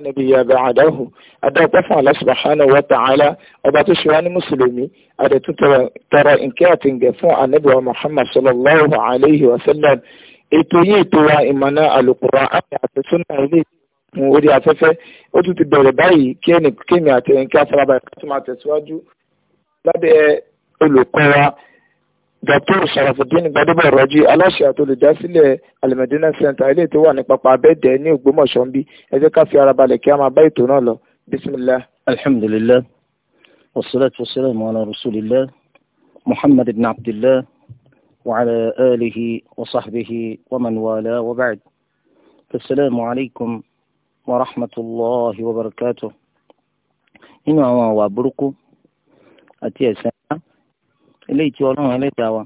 nàbí yàgbà àdáhù adáàpẹ́ fún Allah subhanahu wa ta'ala ọba tó ṣe wá ní mùsùlùmí àdètún tọrọ nkẹ́ àti ǹgẹ̀ fún ànábì wa Muhammad sallallahu alayhi wa sallam ètò yìí ètò wa ìmọ̀nà àlùkùrọ̀ àti àtẹ̀sọ́nà ilé ìfún orí afẹ́fẹ́ ó tún ti bẹ̀rẹ̀ báyìí kí ẹnì kéèmì àti ẹnì kí afárabà ká tó máa tẹ̀síwájú lábẹ́ olùkọ́ dr sharafudin gbadebo ọrọjí aláṣẹ àtolùdásílẹ̀ alimẹdínà center ilé tó wà ní pápá abẹdẹ ní Ògbómọ̀ṣọ́ ń bí ẹ jẹ́ ká fi ara balẹ̀ kí a máa bá ètò náà lọ bisimilah. alhamdulillah wasalaatu wasalaamu ala rasulillah muhammad ibn abdillah wa ala alihi wa sahbihi wa man wala wa ba'd asalaamu alaykum wa rahmatulahi wa barakatuh. nínú àwọn àwà burúkú àti ẹ̀sẹ̀ eléyìí tí ọlọ́run ẹlẹ́dàá wa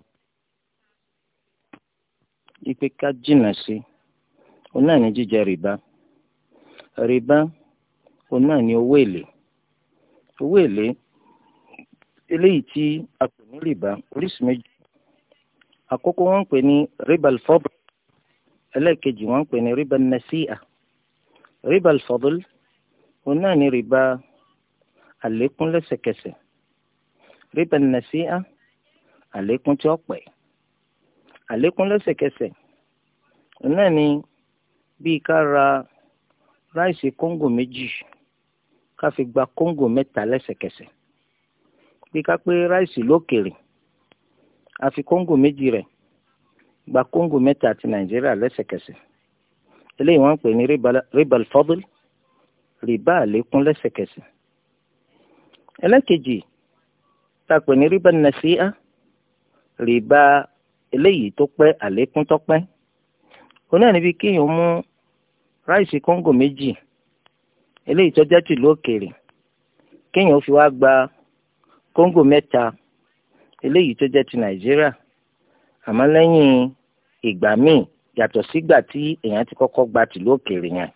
ipe ká jìnnà sí òun náà ní jíjẹ rìbá rìbá òun náà ní owó èlé owó èlé eléyìí tí a pè ní rìbá oríṣìí méjì àkọ́kọ́ wọ́n ń pè ní ribal fadl ẹlẹ́ẹ̀kejì wọ́n pè ní ribal nasi'a ribal fadl òun náà ní rìbá àlékún lẹ́sẹ̀kẹsẹ̀ ribal nasi'a àlékún tí ó pẹ́ àlékún lẹ́sẹ̀kẹsẹ̀ náà ni bíi ká ra ráìsì kóńgò méjì ká fi gba kóńgò mẹ́ta lẹ́sẹ̀kẹsẹ̀ bí ká pé ráìsì lókèrè a fi kóńgò méjì rẹ̀ gba kóńgò mẹ́ta ti nàìjíríà lẹ́sẹ̀kẹsẹ̀ eléyìí wọ́n ń pè ní ribal fadl rìbá àlékún lẹ́sẹ̀kẹsẹ̀ ẹlẹ́kejì tá a pè ní ribal nasi'a rìbá eléyìí tó pẹ́ àlékún tó pẹ́ òun náà níbi kéèyàn mú ráìsì kóńgò méjì eléyìí tó jẹ́ tìlú òkèèrè kéèyàn fi wá gba kóńgò mẹ́ta eléyìí tó jẹ́ ti nàìjíríà àmọ́ lẹ́yìn ìgbà míì yàtọ̀ sígbà tí èèyàn ti kọ́kọ́ gba tìlú òkèèrè yẹn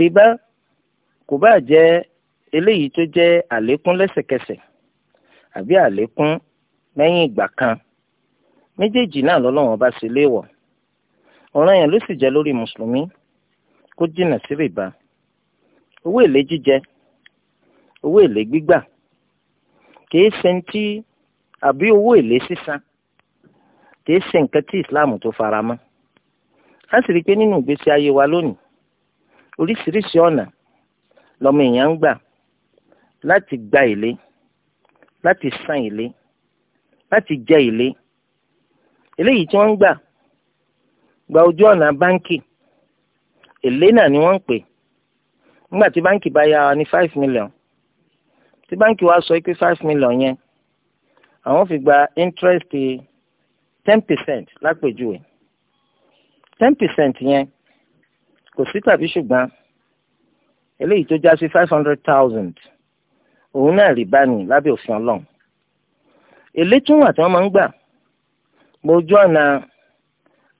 rìbá kò bá jẹ́ eléyìí tó jẹ́ àlékún lẹ́sẹ̀kẹsẹ̀ àbí àlékún lẹ́yìn ìgbà kan méjèèjì náà lọ́lọ́run bá ṣe léèwọ̀ ọ̀ràn yẹn ló sì jẹ́ lórí mùsùlùmí kó jìnnà sí rìbá owó èlé jíjẹ owó èlé gbígbà kìí ṣe ń tí àbí owó èlé sísan kìí ṣe nǹkan tí Islam tó fara mọ́ a sì rí i pé nínú ìgbésí ayé wa lónìí oríṣiríṣi ọ̀nà lọ́mọ èèyàn ń gbà láti gba èlé láti san èlé láti jẹ èlé eléyìí tí wọ́n ń gbà gba ojú ọ̀nà báńkì èlé náà ni wọ́n ń pè nígbà tí báńkì bá yá ní five million tí báńkì wa sọ pé five million yẹn àwọn fi gba interest ten percent lápèjúwe ten percent yẹn kò sí tàbí ṣùgbọ́n eléyìí tó já sí five hundred thousand òun náà rìbá ni lábẹ́ òfin ọlọ́run èlé tún wà tí wọ́n máa ń gbà gbójú ọ̀nà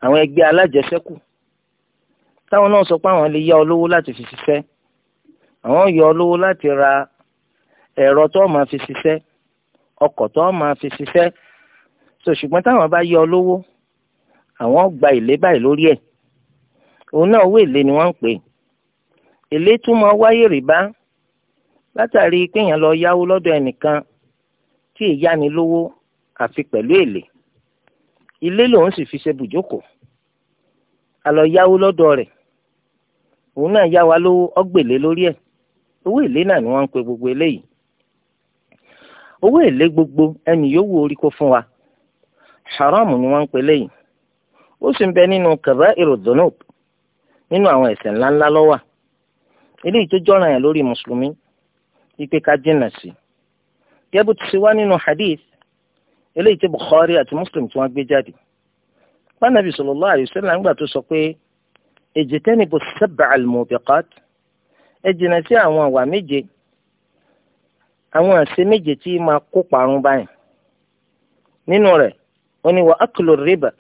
àwọn ẹgbẹ́ alájẹsẹ́kù táwọn náà sọ pé àwọn lè yá ọ lówó láti fi ṣiṣẹ́ àwọn yọ ọ lówó láti ra ẹ̀rọ tó máa fi ṣiṣẹ́ ọkọ̀ tó máa fi ṣiṣẹ́ ṣùgbọ́n táwọn bá yọ ọ àwọn gba èlé báyìí lórí ẹ̀ òun náà owó èlé ni wọ́n ń pè èlé tún máa wáyé rìbá látàrí pé èèyàn lọ yáwó lọ́dọ̀ ẹnìkan tí èyáni lówó àfi pẹ̀lú èlé ilé lòun sì fi ṣe bùjókòó àlọ́ yáwó lọ́dọ̀ rẹ̀ òun náà yá wa lówó ọgbèlé lórí ẹ̀ owó èlé náà ni wọ́n ń pe gbogbo eléyìí owó èlé gbogbo ẹni yòówù orí kó fún wa haramu ni wọ́n ń pe eléyìí ó sì ń bẹ nínú kaba'iru dhunub nínú àwọn ẹ̀ṣẹ̀ ńláńlá ló eléyìí tó jọ̀ràn yẹn lórí mùsùlùmí wípé ká jìnnà sí i gẹ́gẹ́ bó ti ṣe wá nínú hadith eléyìí tí Bukhari àti Muslim tí wọ́n gbé jáde pànàbí sallallahu alaihi wasallam nígbà tó sọ pé ijtanibu sab'al mubiqat ẹ jìnnà sí àwọn àwà méje àwọn àṣe méje tí máa kó parun báyìí nínú rẹ̀ ó ní wa aklu riba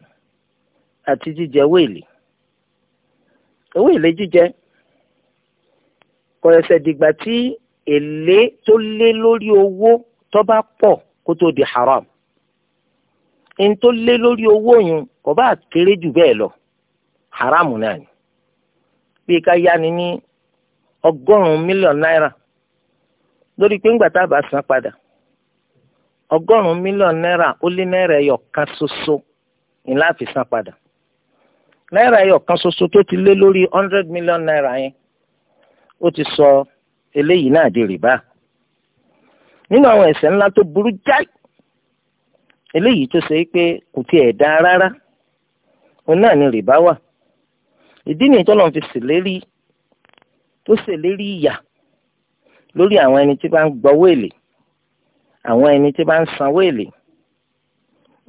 àti jíjẹ wéèlì wéèlì jíjẹ kò ẹsẹ̀ dìgbà tí èlé tó lé lórí owó tọbaa pọ pọ̀ kó tó di haram ẹni tó lé lórí owó yun kò bá kéré jù bẹ́ẹ̀ lọ haram náà ni bí ká yáni ní ọgọ́rùn-ún naira náírà lórí pé ńgbà tá a bá san padà ọgọ́rùn-ún naira náírà ó lé náírà ẹyọ kan ṣoṣo ní san padà náírà ẹyọ kan ṣoṣo tó ti lé lórí hundred million naira yẹn ó ti sọ eléyìí náà di rìbá. nínú àwọn ẹ̀ṣẹ̀ ńlá tó burú jáì eléyìí tó ṣe pé kò tiẹ̀ dáa rárá òun náà ni rìbá wà ìdí nìyí tọ́lọ́ fi ṣèlérí tó ṣèlérí ìyà lórí àwọn ẹni tí bá ń gbọ́wọ́ èlé àwọn ẹni tí bá ń sanwó èlé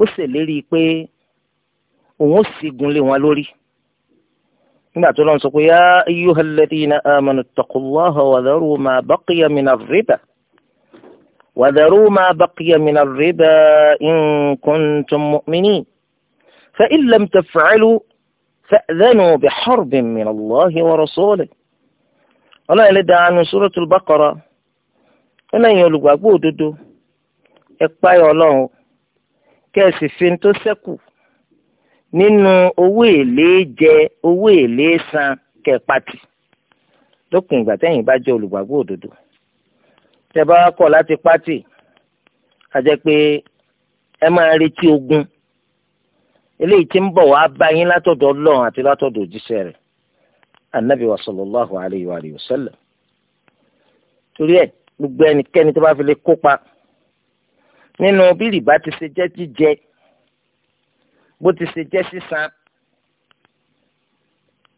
ó ṣèlérí pé òun ó lé wọn lórí nígbà tó وذروا ما بقي من الربا إن كنتم مؤمنين فإن لم تفعلوا فأذنوا بحرب من الله ورسوله ولا يلد عن سورة البقرة ولا يلقى بوددو إقبايا الله كاسفين تسكوا nínú owó èlé jẹ owó èlé san kẹpàtì lópin ìgbà tẹ́yìn bá jẹ́ olùgbàgbọ́ òdodo tẹ bá kọ̀ láti pátì àjẹ́ pé ẹ máa retí ogun eléyìí tí ń bọ̀ wá bá yín látọ̀dọ̀ ọlọ́run àti látọ̀dọ̀ òjíṣẹ́ rẹ̀ anabi wa sallallahu alayhi wa sallam torí ẹ gbogbo ẹnikẹ́ni tó bá fi lè kópa nínú bí rìbá ti ṣe jẹ́ jíjẹ bó ti ṣe jẹ́ sísan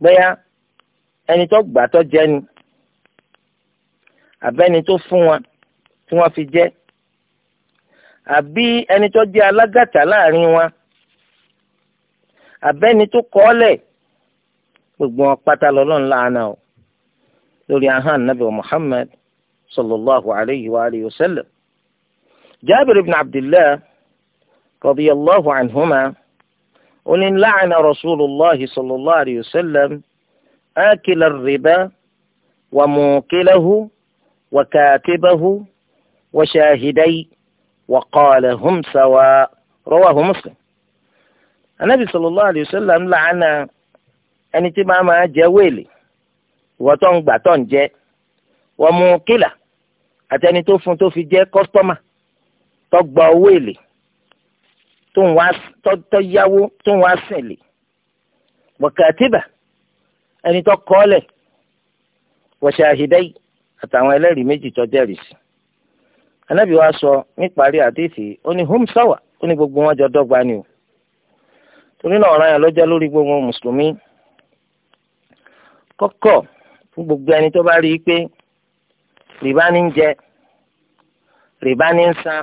bẹ́yà ẹni tó gbà tó jẹ́ ni àbẹ́ni tó fún wọn tí wọ́n fi jẹ́ àbí ẹni tó jẹ́ alágàtà láàrin wọn àbẹ́ni tó kọ́ọ́lẹ̀ gbogbo wọn pátá lọ́lọ́run láàánà o lórí ahán nabi muhammad sallallahu alayhi wa alayhi wa sallam jaabir ibn abdillah radiyallahu anhuma oní láàánà rasulillah sallallahu alayhi wa sallam akila riba wa mukilahu. وكاتبه وشاهدي وقال هم سواء رواه مسلم النبي صلى الله عليه وسلم لعن ẹni tí máa máa jẹ wéèlì ìwọ tó ń gbà tó ń jẹ wọ́n mú kílà àtẹni tó fún tó fi jẹ́ kọ́sítọ́mà tó gba owó èlé tó ń wá tó yáwó tó ń wá sìnlè wọ̀kàtìbà ẹni tó kọ́ ọ́lẹ̀ wọ̀ṣàhídẹ́yì àtàwọn ẹlẹ́rìí méjì tó jẹ́rìí sí. anábì wa sọ níparí àdéhìí ó ní home sawa ó ní gbogbo wọn jọ dọ́gba ni o torí náà ọ̀ràn yẹn ló jẹ́ lórí gbogbo mùsùlùmí kọ́kọ́ fún gbogbo ẹni tó bá rí i pé rìbá ní ń jẹ rìbá ní ń san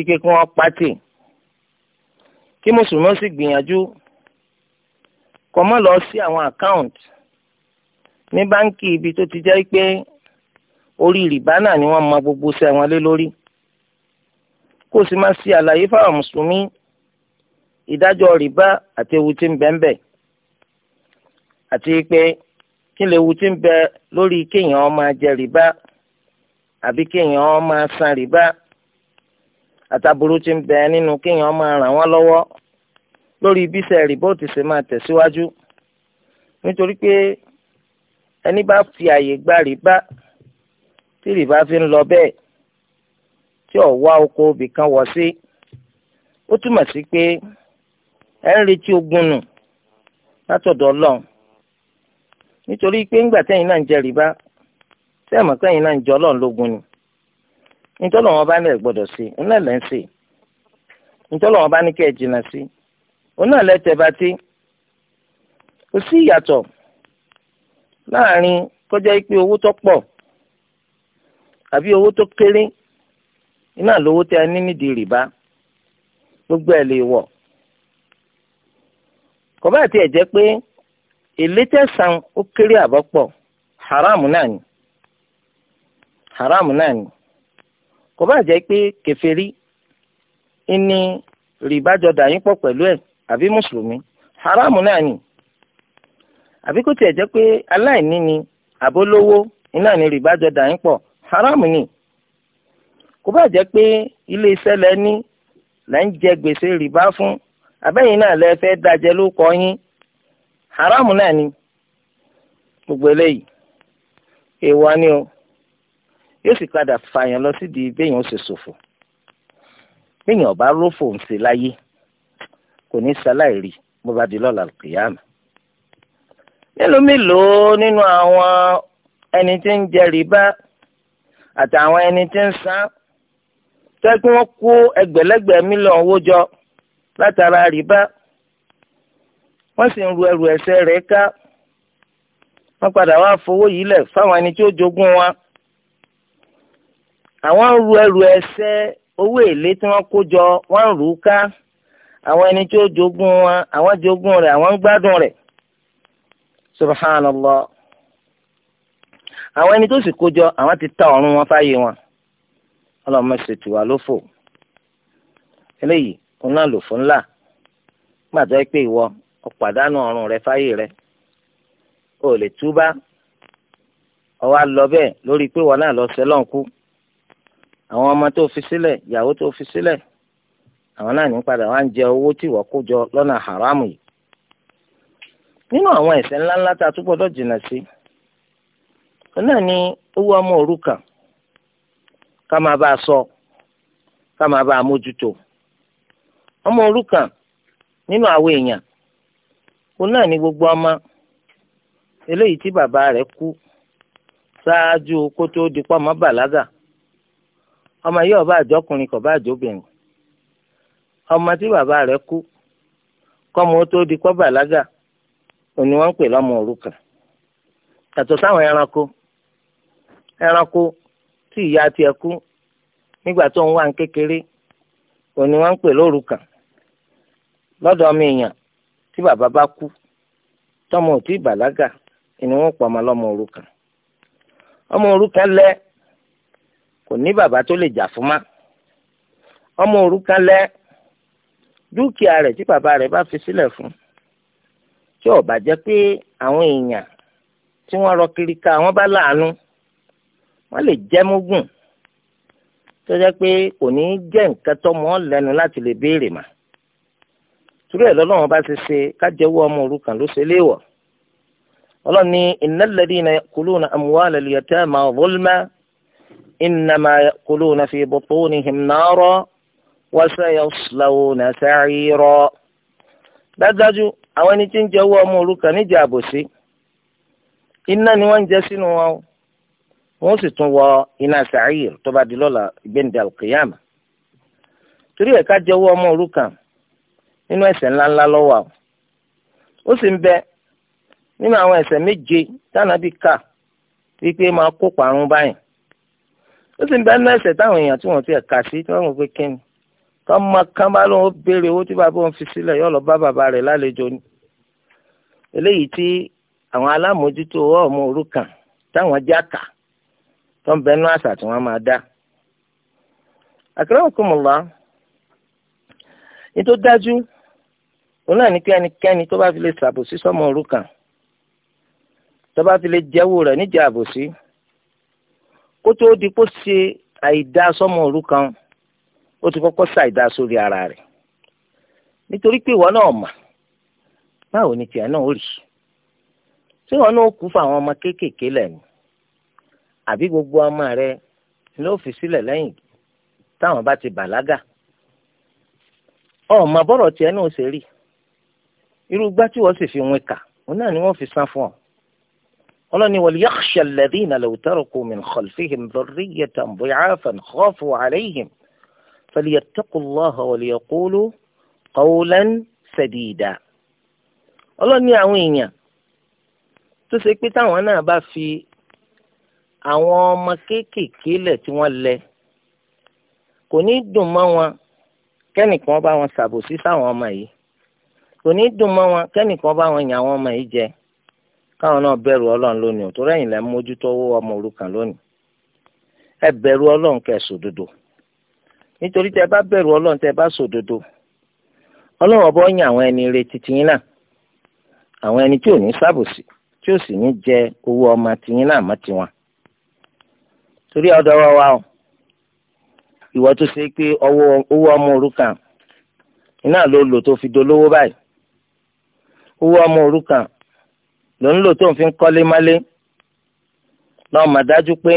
ike kí wọ́n pátì kí mùsùlùmí ó sì gbìyànjú kó má lọ sí àwọn àkáùntì ní báńkì ibi tó ti jẹ́ pé orí rìbá náà ni wọ́n mọ gbogbo iṣẹ́ wọn lé lórí kó o sì máa ṣe àlàyé fáwọn mùsùlùmí ìdájọ́ rìbá àti ewu tí ń bẹ ń bẹ àti pé kí lè ewu tí ń bẹ lórí kéèyàn máa jẹ rìbá àbí kéèyàn máa san rìbá àtàbùrú tí ń bẹ nínú kéèyàn máa ràn wọ́n lọ́wọ́ lórí bíṣẹ́ rìbá ó ti ṣe máa tẹ̀síwájú nítorí pé ẹni bá fi àyè gba rìbá tí rìbá fi ń lọ bẹ́ẹ̀ tí ò wá oko ibì kan wọ̀ sí ó túmọ̀ sí pé ẹ ń retí ogun nù látọ̀dọ̀ ọlọ́run nítorí pé ńgbà tẹ́yìn náà ń jẹ rìbá tẹ́ mọ̀ tẹ́yìn náà ń jẹ ọlọ́run lógun ni nítorí wọn bá ní ẹ gbọ́dọ̀ sí ńlẹ lẹ ń sè nítorí wọn bá ní kẹ ẹ jìnnà sí òun náà lẹ tẹ bá tí kò sí ìyàtọ̀ láàrin kọjá pé owó tó pọ̀ àbí owó tó kéré iná lówó tẹ ní nídìí rìbá gbogbo ẹ̀ lè wọ̀ kọ̀bá àti ẹ̀jẹ̀ pé èlé tẹ̀sán ó kéré àbọ̀pọ̀ haram náà ni haramu náà ni kọ̀bá àjẹ́ pé kèfèrí ìní rìbá jọ dàyín pọ̀ pẹ̀lú ẹ̀ àbí mùsùlùmí haram náà ni. àbí kò tiẹ̀ jẹ́ pé aláìní ni àbólówó iná ni rìbá jọ dà yín pọ̀ haram ni kò bá jẹ́ pé ilé iṣẹ́ lẹ ní lẹ́ ń jẹ gbèsè rìbá fún abẹ́yìn náà lẹ fẹ́ dájẹ́ ló kọ́ yín haram náà ni gbogbo eléyìí èèwọ̀ ni o yóò sì padà fààyàn lọ sídìí béèyàn ó sì ṣòfò béèyàn ọba rófò ń ṣe láyé kò ní sáláì bó bá di lọ́la kìyàmù mélòó mélòó nínú àwọn ẹni tí ń jẹ rìbá àtàwọn ẹni tí ń san tẹ́ kí wọ́n kó ẹgbẹ̀lẹ́gbẹ̀ mílíọ̀n owó jọ látara rìbá wọ́n sì ń ru ẹrù ẹ̀ṣẹ̀ rẹ̀ ká wọ́n padà wá fowó yìí lẹ̀ fáwọn ẹni tí ó jogún wa àwọn ń ru ẹrù ẹ̀ṣẹ̀ owó èlé tí wọ́n kó jọ wọ́n ń rù ú ká àwọn ẹni tí ó jogún wa àwọn jogún rẹ̀ àwọn ń gbádùn rẹ̀ subhanallah àwọn ẹni tó sì kójọ àwọn ti ta ọ̀run wọn fáyé wọn ọlọ́mọ ṣètò wa ló fò eléyìí òun náà lò fún ńlá gbàtọ́ pé ìwọ ọ̀pàdánù ọ̀run rẹ fáyé rẹ o lè túbá ọwọ́ lọ bẹ́ẹ̀ lórí pé wọn náà lọ sẹ́lọ̀n kú àwọn ọmọ tó fi sílẹ̀ ìyàwó tó fi sílẹ̀ àwọn náà ní padà wá ń jẹ owó tí ìwọ kó jọ lọ́nà haramu yìí nínú àwọn ẹ̀ṣẹ̀ ńláńlá tá a tún gbọ́dọ̀ jìnnà sí náà ni owó ọmọ òrukàn ká máa bá a sọ ká máa bá a mójútó ọmọ òrukàn nínú àwọn èèyàn òun náà ni gbogbo ọmọ eléyìí tí bàbá rẹ̀ kú ṣáájú kó tó di pọ́ ọmọ bàlágà ọmọ yìí ọba àjọkùnrin kọba àjọbìnrin ọmọ tí bàbá rẹ̀ kú kọ́mọ tó di pọ́ bàlágà òní wọ́n ń pè lọ́mọ òrukàn yàtọ̀ sáwọn ẹranko ẹranko tí ìyá tiẹ̀ kú nígbà tó ń wá kékeré òní wọ́n ń pè lọ́dọ̀ ọmọ èèyàn tí bàbá bá kú tọmọ tí bàlágà ọmọ bá fi tí ó bá jẹ́ pé àwọn èèyàn tí wọ́n rọ kiri ká wọ́n bá láàánú wọ́n lè jẹ́ mógùn tó jẹ́ pé kò ní í jẹ́ nǹkan tó mọ́ lẹ́nu láti lè béèrè mà torí ẹ̀ lọ́lọ́run bá ti ṣe kájẹ́wọ́ ọmọ òrukàn ló ṣe léèwọ̀ ọlọ́ni innal ladhina ya'kuluna amwala al-yatama zulman innama ya'kuluna fi butunihim nara wa sayaslawna sa'ira dájúdájú àwọn ẹni tí ń jẹ owó ọmọ òrukàn níjà àbòsí iná ni wọ́n ń jẹ sínú wọn o wọ́n sì tún wọ iná sàáyìr tó bá di lọ́la ìgbéǹde alkiyama torí ẹ̀ka jẹ owó ọmọ òrukàn nínú ẹ̀ṣẹ̀ ńláńlá lọ́wọ́ àwọn ó sì ń bẹ nínú àwọn ẹ̀ṣẹ̀ méje tánàbí kà wípé máa kó parun báyìí ó sì ń bẹ nínú ẹ̀ṣẹ̀ táwọn èèyàn tí wọ́n ti ẹ̀ka sí tí wọ́n mọ̀ pé kíni tọ́mọ kan bá lóun ó béèrè owó tí bàbá òun fi sílẹ̀ yóò lọ bá bàbá rẹ̀ lálejò ni eléyìí tí àwọn alámòójútó ọmọ òrukàn táwọn jáka tó ń bẹnu àṣà tí wọ́n máa dá àkàràwọ̀kùnmọ̀lá ní tó dájú òun náà ní kí ẹnikẹ́ni tó bá fi lè ṣàbòsí sọ́mọ òrukàn tó bá fi lè jẹ́wọ́ rẹ̀ níjà àbòsí kó tóó di kó ṣe àìdá sọ́mọ òrukàn ó ti kọ́kọ́ ṣàìdá sórí ara rẹ̀ nítorí pé ìwọ náà mà báwo ni tìyà náà ó rí tí wọn náà kú fáwọn ọmọ kéékèèké lẹ́nu àbí gbogbo ọmọ rẹ ló fi sílẹ̀ lẹ́yìn táwọn bá ti bàlágà ọmọ bọ́rọ̀ tìyà náà ṣe rí irú gbá tí wọ́n sì fi wọn kà òun náà ni wọ́n fi san fún ọ ọlọ́ni wal yakhsha alladhina law taraku min khalfihim dhurriyyatan dhi'afan khafu alayhim. فليتقوا الله وليقولوا قولا سديدا ọlọ́run àwọn èèyàn tó ṣe pé táwọn náà bá fi àwọn ọmọ kéékèèké lẹ̀ tí wọ́n lẹ̀ kò ní dùn mọ́ wọn kẹ́nìkan bá wọn ṣàbòsí sáwọn ọmọ yìí kò ní dùn mọ́ wọn kẹ́nìkan bá wọn yàn àwọn ọmọ yìí jẹ káwọn náà bẹ̀rù ọlọ́run lónìí ò tó rẹ̀yìn lẹ́ mójútó owó ọmọ òrukàn lónìí ẹ bẹ̀rù ọlọ́run kẹsùn dodo. nítorí tẹ bá bẹ̀rù ọlọ́run tẹ bá sòdodo ọlọ́run ọbọ̀ yàn àwọn ẹni rẹ tìtìyín náà àwọn ẹni tí ò ní sábòsí tí ò sì ní jẹ owó ọmọ tìyín náà mọ́ tiwọn. torí ọ̀dọ̀ wa wa o ìwọ tó ṣe pé owó ọmọ òrukàn iná ló lò tó fi dolówó báyìí owó ọmọ òrukàn ló ń lò tó ń fi kọ́lé mọ́lé náà mà dájú pé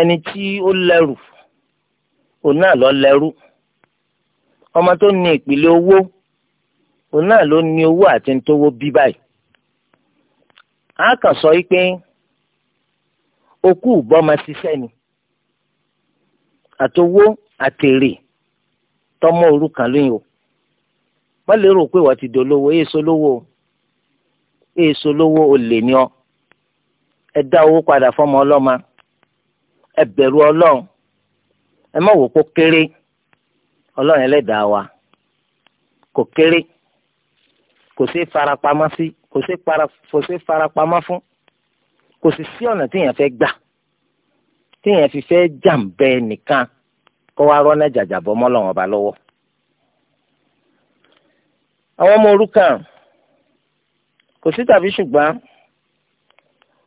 ẹni tí ó lẹ́rù òun náà lọ lẹ́rú ọmọ tó ní ìpìlẹ̀ owó òun náà ló ní owó àti ntòwó bí báyìí a kàn sọ yìí pé okú bọ́mọ ṣiṣẹ́ ni àtowó àtèrè tọmọ òrukàn lóyún o wọ́n lè rò pé wọ́n ti dolówó èso lówó èso lówó olè ni ọ. ẹ dá owó padà fọmọ ọlọ́mọ ẹ bẹ̀rù ọlọ́run ẹ má wò kó kéré ọlọ́run ẹlẹ́dàá wa kò kéré kò sí farapamọ́ sí kò sí para kò sí farapamọ́ fún kò sì sí ọ̀nà téèyàn fẹ́ gbà téèyàn fi fẹ́ jàǹbẹ́ nìkan kó wá rọ́nà jàjàbọ́ mọ́lọ́run ọba lọ́wọ́. àwọn ọmọ òrukàn kò sí tàbí ṣùgbọ́n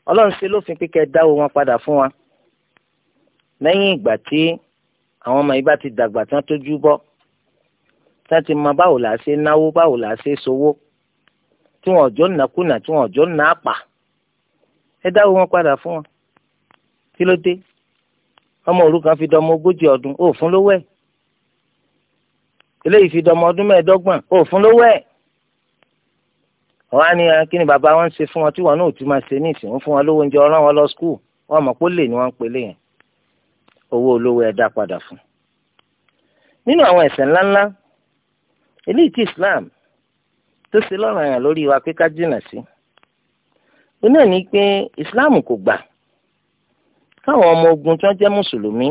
ọlọ́run ṣe lófin pé kẹ́ ẹ dáwó wọn padà fún wa lẹ́yìn ìgbà tí àwọn ọmọ yìí bá ti dàgbà tán tójú bọ́ tá ti mọ báwo là á ṣe náwó báwo là á ṣe sowó tí wọn ọjọ́ nàkúnà tí wọn ọjọ́ nà àpà ẹ dáwó wọn padà fún wọn kí ló dé ọmọ òrukàn fi dọmọ ogójì ọdún ó fún lówó ẹ eléyìí fi dọmọ ọdún mẹ́ẹ̀ẹ́dọ́gbọ̀n ó fún lówó ẹ wọn á ní kí ni bàbá wọn ṣe fún wọn tí wọn náà ti máa ṣe ní ìsìn fún wọn lówó oúnjẹ ọ̀ràn lọ skul wọn mọ̀ pé ó lè ní wọn ń pele yẹn owó olówó ẹ dá padà fún. nínú àwọn ẹ̀ṣẹ̀ ńláńlá eléyìí tí Islam tó ṣe lọ́ràn yàn lórí wa pé ká jìnnà sí ó náà ní pé Islam kò gbà káwọn ọmọ ogun tí wọ́n jẹ́ mùsùlùmí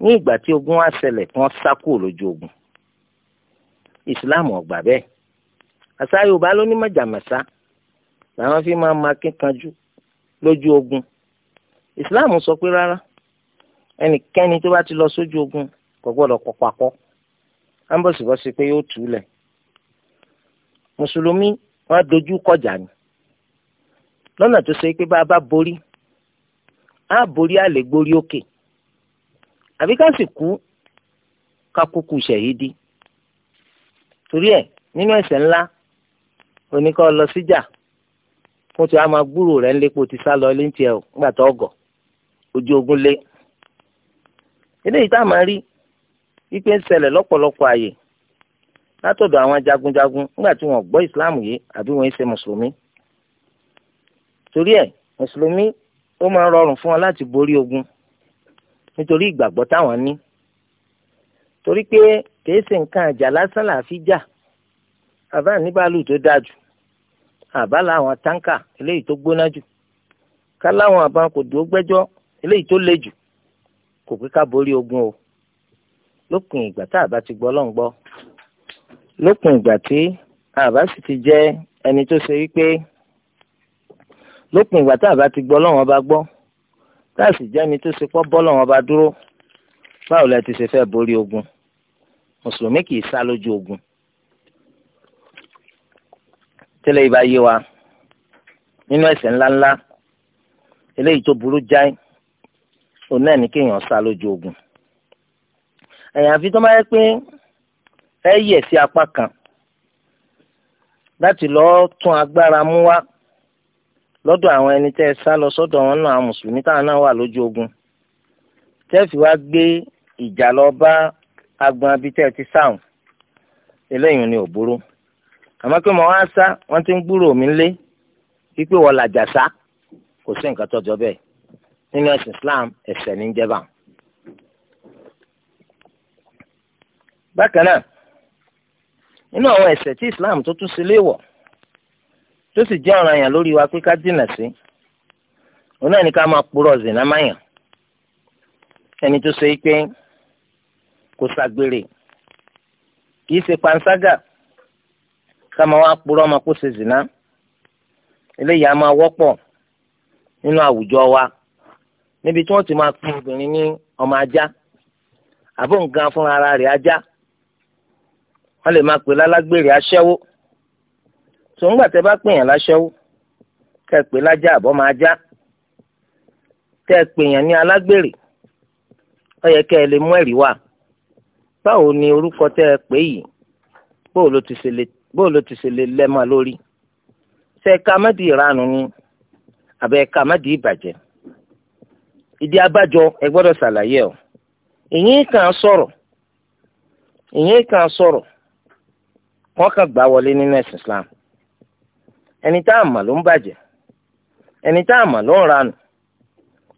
ní ìgbà tí ogun wá ṣẹlẹ̀ kí wọ́n sá kúrò lójú ogun Islam ò gbà bẹ́ẹ̀ àṣà Yorùbá ló ní mọ̀jàmọ̀sá làwọn fi máa ma kíkanjú lójú ogun Islam sọ pé rárá ẹnikẹ́ni tó bá ti lọ sójú ogun kò gbọ́dọ̀ kọ papọ̀ ambosibosi pé yóò tù ú lẹ̀ mùsùlùmí wọn dojú kọjà ni lọ́nà tó ṣe pé bá a bá borí á borí á lè gborí òkè àbí ká sì kú ká kúkú ṣẹ̀yídì torí ẹ̀ nínú ẹ̀ṣẹ̀ ńlá oníkọ́ lọ síjà fún tí a máa gbúrò rẹ̀ ńlẹ́pọ̀ ti sá lọ léńtì ẹ̀ ńgbà tó ọgọ̀ ojú ogun lé. eléyìí tá a máa rí wípé ń ṣẹlẹ̀ lọ́pọ̀lọpọ̀ àyè látọ̀dọ̀ àwọn jagunjagun nígbà tí wọ́n gbọ́ islam yìí àbí wọ́n ṣe mùsùlùmí torí ẹ̀ mùsùlùmí ó máa rọrùn fún wọn láti borí ogun nítorí ìgbàgbọ́ táwọn ní torí pé kìí ṣe nǹkan àjà lásán làáfi jà àbá níbàálù tó dáa jù àbá làwọn táǹkà eléyìí tó gbóná jù ká láwọn àbá kò dúró gbẹ́jọ́ eléyìí tó le jù kò pé ká borí ogun o lópin ìgbà tá a bá ti gbọ́ lọ́n gbọ́ lópin ìgbà tí a bá sì ti jẹ́ ẹni tó ṣe wípé lópin ìgbà tá a bá ti gbọ́ lọ́n bá gbọ́ tá a sì jẹ́ ẹni tó ṣe pọ́ bọ́ lọ́n bá dúró báwo la ti ṣe fẹ́ borí ogun mùsùlùmí kì í sá lójú ogun tẹ́lẹ̀ ibà yé wa nínú ẹ̀ṣẹ̀ ńláńlá eléyìí tó burú jáì òun náà ní kéèyàn sá lójú ogun àyàfi tó máa yẹ pé ẹ yẹ̀ sí apá kan láti lọ́ọ́ tún agbára mú wá lọ́dọ̀ àwọn ẹni tẹ́ ẹ sá lọ sọ́dọ̀ wọn náà mùsùlùmí táwọn náà wà lójú ogun tẹ́ fi wá gbé ìjà lọ bá agbọn abí tẹ́ ẹ ti sáwọn eléyìí ni ò burú àmọ́ pé mo wá sá wọ́n ti ń gbúrò mi lé wípé wọ́n làjà sá kò sí nǹkan tọ́jọ́ bẹ́ẹ̀ nínú ẹ̀sìn Islam ẹ̀ṣẹ̀ ní jẹ́bà. bákan náà nínú àwọn ẹ̀ṣẹ̀ tí Islam tó tún sí léèwọ̀ tó sì jẹ́ ọ̀ràn yàn lórí wa pé ká dínà sí òun náà ní ká máa purọ́ zìnnà máyàn ẹni tó ṣe é pé kò ṣàgbèrè kì í ṣe panṣágà ká máa wá purọ́ ọmọ kó ṣe zìnnà eléyìí á máa wọ́pọ̀ nínú àwùjọ wa níbi tí wọ́n ti máa pín obìnrin ní ọmọ ajá àbò nǹkan fúnra ara rẹ̀ ajá wọ́n lè máa pè lálágbèrè aṣẹ́wó tó ń gbà tẹ́ bá pè yàn láṣẹ́wó kẹ́ pè lájá àbọ̀ máa já kẹ́ pè yàn ní alágbèrè ó yẹ kẹ́ ẹ lè mú ẹ̀rí wá báwo ni orúkọ tẹ́ ẹ pè yìí bóò ló ti ṣe lè lẹ́mọ̀ lórí ṣe ká mẹ́dì ìranù ni àbẹ̀ká mẹ́dì ìbàjẹ́ ìdí abájọ ẹ gbọ́dọ̀ ṣàlàyé ọ ìyín kan sọ̀rọ̀ ìyín kan sọ̀rọ̀ wọ́n kàn gbà wọlé nínú ẹ̀sìn Islam ẹni tá a mọ̀ ló ń bàjẹ́ ẹni tá a mọ̀ ló ń ranù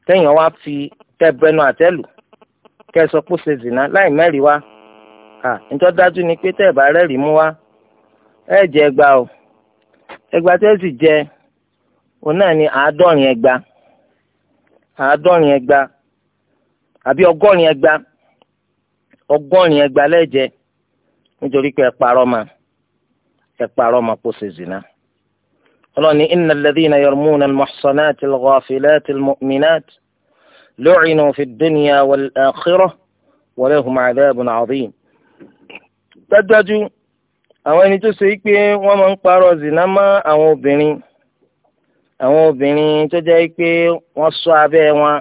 tẹ̀yàn wá fi tẹ́bẹ́nu àtẹ́lù kẹsọ pé ṣe zìnà láì mẹ́rìí wá à nítorí ni pé tẹ́ẹ̀bà rẹ́rìí mú wá ẹ jẹ ẹgbàá o ẹgbàá tẹ́sì jẹ òun náà ni àádọ́rin ẹgbàá àádọ́rin ẹgba àbí ọgọ́rin ẹgba ọgọ́rin ẹgba lẹ́jẹ̀ nítorí pé ẹ parọ́ ma ẹ parọ́ ma kó ṣe zina. ọlọ́ni inna alladhina yarmuna almuhsanati alghafilati almu'minati lu'inu fi dunya wal akhirah wa lahum adhabun adhim. dájúdájú àwọn ẹni tó ṣe é pé wọ́n máa ń parọ́ zina mọ́ àwọn obìnrin àwọn obìnrin tó jẹ́ pé wọ́n ṣọ́ abẹ́ wọn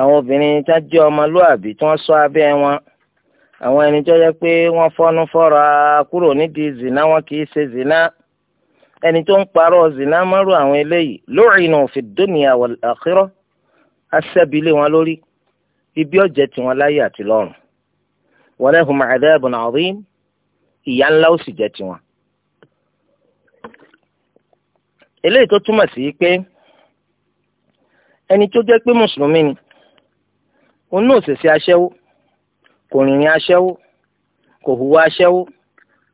àwọn obìnrin tó jẹ́ ọmọlúàbí tó wọ́n ṣọ́ abẹ́ wọn àwọn ẹni tó jẹ́ pé wọ́n fọ́nú fọ́ra kúrò nídìí zina wọn kì í ṣe zina ẹni tó ń parọ́ zina mọ́rù àwọn eléyìí lu'inu fi dunya wal akhirah asẹ́bilé wọn lórí ibi ọ̀jẹ̀ tiwọn láyé àti lọ́run walahum adhabun adhim ìyà ńlá ó sì jẹ́ tiwọn. eléyìí tó túmọ̀ sí pé ẹni tó jẹ́ pé mùsùlùmí ni òun náà ṣèṣe aṣẹ́wó kò rìnrìn aṣẹ́wó kò hùwà aṣẹ́wó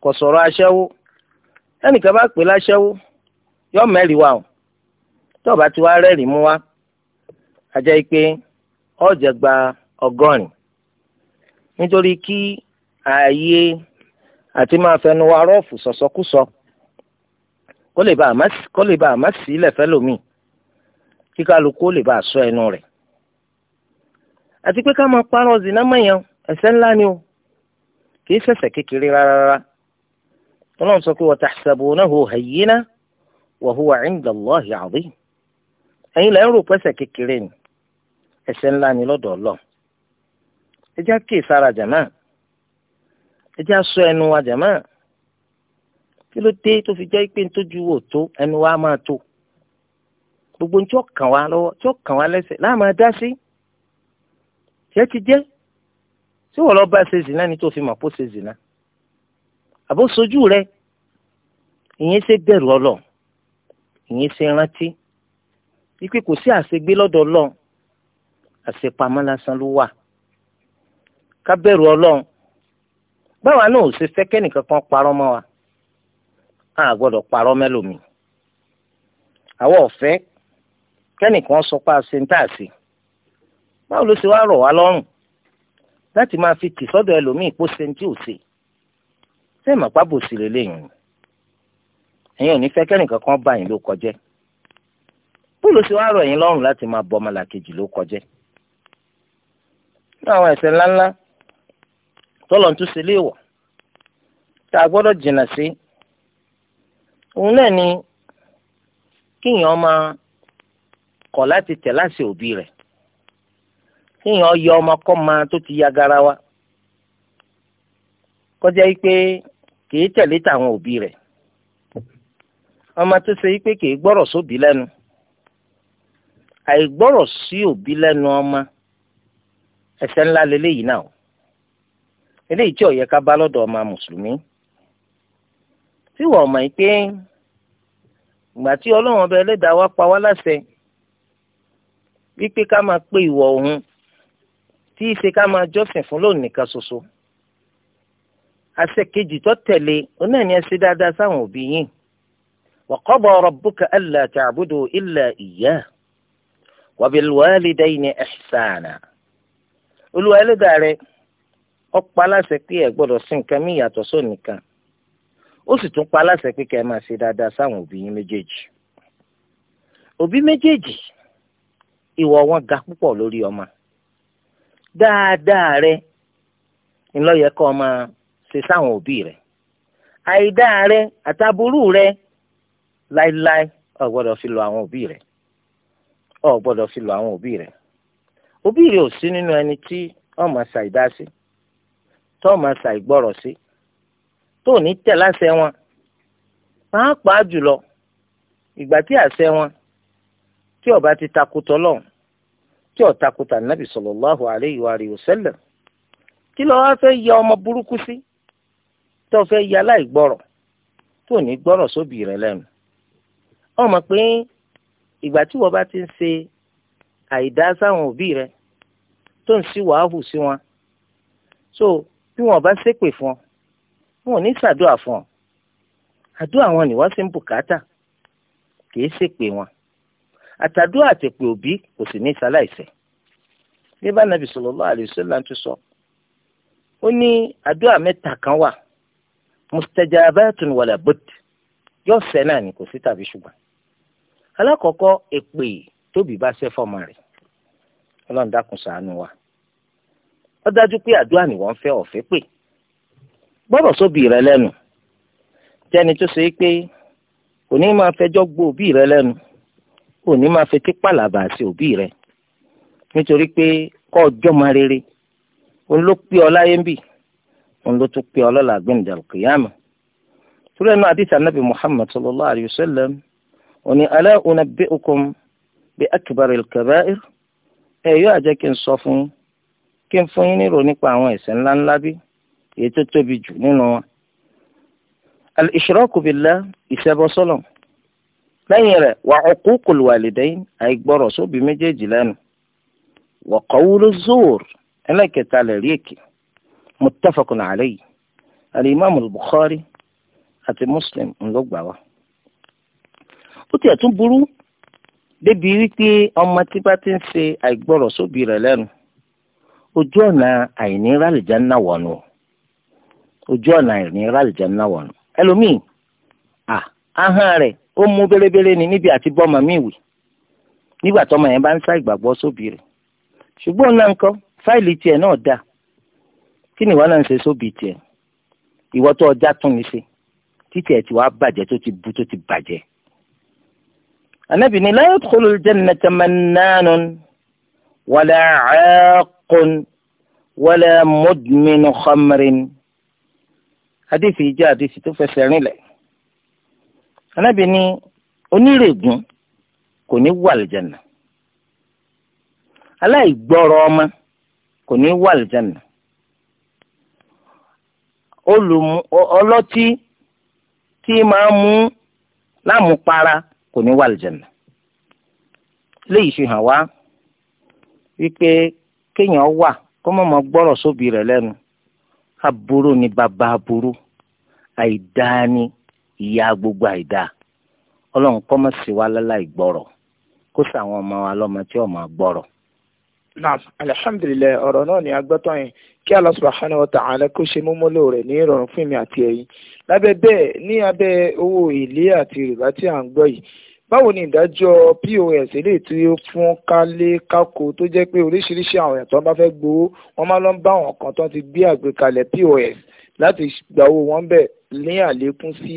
kò sọ̀rọ̀ aṣẹ́wó ẹnìkan bá pè láṣẹ́wó yọ mẹ́rin wa o tó o bá rẹ́rìn mú wa a pé ọ̀jẹ̀ gba ọgọ́rin nítorí kí ààyè àti máa fẹnu wa rọ́ọ̀fù sọ̀sọ́kúsọ kó lè bá àmà kó lè bá àmà sí ilẹ̀ fẹ́ lómi kí kálukú ó lè bá aṣọ ẹnu rẹ̀ àti pé ká máa parọ́ zina mọ̀yàn ẹ̀ṣẹ̀ ńlá ni o kì í ṣẹ̀ṣẹ̀ kékeré rárá ọlọ́run sọ pé wa tahsabunahu hayyina wa huwa 'inda Allahi 'azim ẹ̀yin lẹ́yìn rò pẹ́sẹ̀ kékeré ni ẹ̀ṣẹ̀ ńlá ni lọ́dọ̀ ọlọ́run ẹ jẹ́ kí ìsára jàmáà ẹ jẹ́ aṣọ ẹnu wa jàmáà kí ló dé tó fi jẹ́ pé ń tójú wò tó ẹnu wa máa tó gbogbo ń tí ó kàn wá lọ́wọ́ tí ó kàn wá lẹ́sẹ̀ láà máa dá sí jẹ́ ti jẹ́ tí wọ́n lọ́ọ́ bá ṣe zìnà ni tó fi mọ̀ pé ó ṣe zìnà àbó sojú rẹ ìyẹn ṣe bẹ̀rù ọlọ ìyẹn ṣe rántí wípé kò sí àṣegbé lọ́dọ̀ ọlọ́run àṣepamọ́ lásán ló wà ká bẹ̀rù ọlọ́run báwa náà ò ṣe fẹ́ kẹ́nìkan kan parọ́ mọ́ wa a gbọ́dọ̀ parọ́ mẹ́lòmíì àwọn ọ̀fẹ́ kẹ́nìkan sọ pé a ṣe ń tà sí báwo ló ṣe wá rọ̀ wá lọ́rùn láti máa fi tì sọ́dọ̀ ẹlòmíì pó ṣe ń tí ò ṣe ṣé ìmọ̀ pábò sí lélẹ́yìn ẹ̀yin ò ní fẹ́ kẹ́nìkan kan bá yín ló kọjẹ́ báwo ló ṣe wá rọ̀ yín lọ́rùn láti máa bọ́ ọmọlàkejì ló kọjẹ́ ní àwọn ẹ̀ṣẹ̀ ńláńlá tọ́lọ̀ ń tún léèwọ̀ tá a gbọ́dọ̀ jìnnà sí. Si òun náà ni kíyàn máa kọ̀ láti tẹ̀ láṣẹ òbí rẹ̀ kíyàn yọ ọmọ kọ́ máa tó ti ya garawa kọjá yìí pé kìí tẹ̀lé tàwọn òbí rẹ̀ ọmọ tó ṣe yìí pé kìí gbọ́rọ̀ sóbí lẹ́nu àìgbọ́rọ̀ sí òbí lẹ́nu ọmọ ẹsẹ̀ ńlá lélẹ́yìí náà eléyìí tí ó yẹ ká bá lọ́dọ̀ ọmọ mùsùlùmí. tí wọ́n mọ̀ pé ìgbà tí ọlọ́run ọba ẹlẹ́dàá wá pa wá láṣẹ wípé ká máa pe ìwọ̀ òun tí í ṣe ká máa jọ́sìn fún lóun nìkan ṣoṣo àṣẹ kejì tó tẹ̀lé onáà ní ẹ ṣe dáadáa sáwọn òbí yín wa qada rabbuka alla ta'budu illa iyyah wa bil walidayni olúwa ẹlẹ́dàá rẹ ó láṣẹ pé ẹ gbọ́dọ̀ sìn nǹkan mí yàtọ̀ sóun nìkan ó sì tún pa aláṣẹ pé kẹ́ ẹ máa ṣe dáadáa sáwọn òbí yín méjèèjì òbí méjèèjì ìwọ wọn ga púpọ̀ lórí ọmọ dáadáa rẹ ńlọyẹ kọ́ máa ṣe sáwọn òbí rẹ àìdá rẹ àtàbúrú rẹ láíláí o gbọ́dọ̀ fi lọ àwọn òbí rẹ o gbọ́dọ̀ fi lọ àwọn òbí rẹ òbí rẹ ò sí nínú ẹni tí o ṣàìdá sí tó o ṣàìgbọ́rọ̀ sí. Si tó ní tẹ̀ láṣẹ wọn pàápàá jùlọ ìgbà tí àṣẹ wọn tí ó bá ti takùtọ̀ lọ tí ó takùtà nàbì sallallahu alayhi wa alihi wa sallam kí ló wá fẹ́ ya ọmọ burúkú sí tó fẹ́ ya láìgbọ́rọ̀ tó ní gbọ́rọ̀ sóbì rẹ̀ lẹ́nu ọmọ pé ìgbà tí wọ́n bá ti ń ṣe àìdá sáwọn òbí rẹ̀ tó ń sí wàhálù sí wọn so bí wọ́n bá ṣépè fún ọ wọn ò ní ṣàdúrà fún ọ àdúrà wọn ni wọ́n sì ń bùkátà kìí ṣèpè wọn àtàdúrà àtẹ̀pẹ̀ òbí kò sì ní ṣaláìsẹ̀ bí bá nàbì sallallahu alaihi wasallam tún sọ ó ní àdúrà mẹ́ta kan wà mustajabatun wala budd yóò ṣẹ náà ni kò sí tàbí ṣùgbọ́n alákọ̀ọ́kọ́ èpè tóbi bá ṣẹ́ fọ́ọ̀mà rẹ̀ ọlọ́run dákun ṣàánú wa ó dájú pé àdúrà ni wọ́n fẹ́ ọ̀fẹ́ pè gbọ́dọ̀ sóbì rẹ lẹ́nu jẹ́ni tó ṣe é pé kò ní máa fẹjọ́ gbọ́ òbí rẹ lẹ́nu kò ní máa fetí pàlàbà àti òbí rẹ nítorí pé kọ́ ọjọ́ máa rere òun ló pé ọ láyé ń bì òun ló tún pé ọ lọ́la gbẹ̀ǹdà kìyàmù turẹ̀ náà àdìsí anábì muhammad sallallahu alayhi wa sallam òun ni ala unabbi'ukum bi akbaril kaba'ir ẹ̀yọ́ àjẹ́ kí n sọ fún kí n fún yín nírò nípa àwọn ẹ̀ṣẹ̀ ńláńlá bíi èyí tó tóbi jù nínú wọn. al-ishraku billah ìṣẹ́bọ sọ́lọ̀ lẹ́yìn rẹ̀ wà uququl walidayn àìgbọ́rọ̀ sóbi méjèèjì lẹ́nu wa qawlu zuur ẹlẹ́kẹta lẹ̀ rí èkì muttafaqun alayhi al-imam al-bukhari àti muslim ló gbà wá. ó tiẹ̀ tún burú débi wípé ọmọ tí bá ti ń ṣe àìgbọ́rọ̀ sóbi rẹ̀ lẹ́nu ojú ọ̀nà àìní rálìjà ń náwọ̀ nù ojú ọ̀nà ìrìn ìràlìjẹ́nà wọ̀nù ẹlòmíì à ahọ́n rẹ̀ ó mú bérebére ni níbi àti bọ́mọ mi wì nígbà tọmọ yẹn bá ń sá ìgbàgbọ́ sóbì rẹ̀ ṣùgbọ́n náà ńkọ́ fáìlì tiẹ̀ náà dáa kí ni ìwọ náà ń ṣe sóbì tiẹ̀ ìwọ tó ọjà tún mi ṣe títí ẹ̀ tí wàá bàjẹ́ tó ti bu tó ti bàjẹ́ anabi ni la yadkhulu al-jannata mannanun wala aaqun wala mudminu hadisi yìí jẹ́ tó fẹsẹ̀ rinlẹ̀ anábì ní onírègùn kò ní wọ àlùjánnà ọmọ kò ní wọ àlùjánnà olùmú ọlọ́tí tí máa mú lámùpara kò ní wọ àlùjánnà léyìí fi hàn wá wípé kéèyàn wà kó mọ̀ mọ́ gbọ́rọ̀ sóbì rẹ̀ lẹ́nu aburú ni bàbá aburú àìdáa ni ìyá gbogbo àìdáa ọlọ́run kọ́ mọ̀ sí wa láláì gbọ́rọ̀ kó sàwọn ọmọ wa lọ́mọ tí ò máa gbọ́rọ̀. naam alihamdulilayi ọ̀rọ̀ náà ni agbọ́tọ̀ yẹn kí Allah subhanahu wa ta'ala kó ṣe múmúlò rẹ̀ ní ìrọ̀rùn fún mi àti ẹ̀yin lábẹ́ bẹ́ẹ̀ ní abẹ́ owó èlé àti rìbá tí à ń gbọ́ yìí báwo ni ìdájọ́ pos eléyìí tí ó fún kálé kákó tó jẹ́ pé oríṣiríṣi àwọn èèyàn tó bá fẹ́ gbowó wọ́n máa lọ bá àwọn kan tó ti gbé àgbékalẹ̀ pos láti gba wọn bẹ̀ ní àlékún sí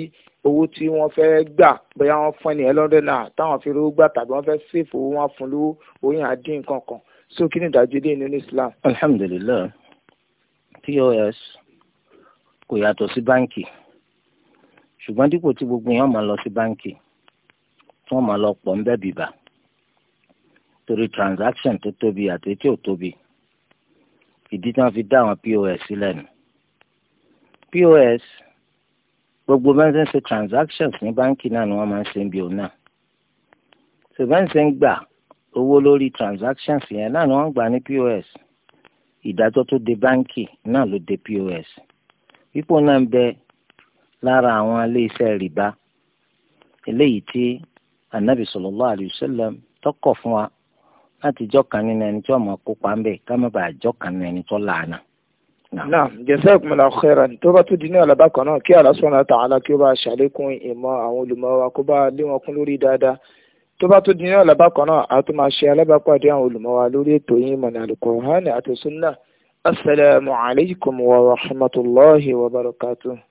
owó tí wọ́n fẹ́ gbà bóyá wọ́n fún ẹni ẹlọ́dẹ náà táwọn fi rówó gbà tàbí wọ́n fẹ́ sèfò owó wọn fún lówó oyin àdín nǹkan kan so kí ni ìdájọ́ ilé nínú Islam. alhamdulillah pos kò yàtọ̀ sí báńkì ṣùgbọ́n dípò tí gbogbo yẹn máa lọ sí báńkì tí wọ́n máa lọ pọ̀ ń bẹ́ bìbà torí transaction tó tóbi àti tí ò tóbi ìdí tí wọ́n fi dá àwọn POS sílẹ̀ nù POS gbogbo bá ń ń ṣe transactions ní báńkì náà ni wọ́n máa ń ṣe ń bí òun náà ṣe bá ń ń gbà owó lórí transactions yẹn náà ni wọ́n ń gbà ní POS ìdájọ́ tó de báńkì náà ló de POS ipò náà ń bẹ lára àwọn ilé iṣẹ́ rìbá eléyìí tí anabi sallallahu alayhi wa sallam tọkọ fún wa láti jọkàn nínú ẹni tí ọmọ kópa ń bẹ ká má bàa jọkàn nínú ẹni tó làánà. Naam, jazakumullahu khairan tó bá tún di ní ọ̀làbá kan náà kí Allah subhanahu wa ta'ala kí ó bá ṣàlékún ìmọ̀ àwọn olùmọ̀ wa kó bá lé wọn kún lórí dáadáa tó bá tún di ní ọ̀làbá kan náà a tún máa ṣe alábàápàdé àwọn olùmọ̀ wa lórí ètò yìí ìmọ̀nà al-Qur'ani àti sunnah asalaamualeykum wa rahmatulahi wa barakatuh.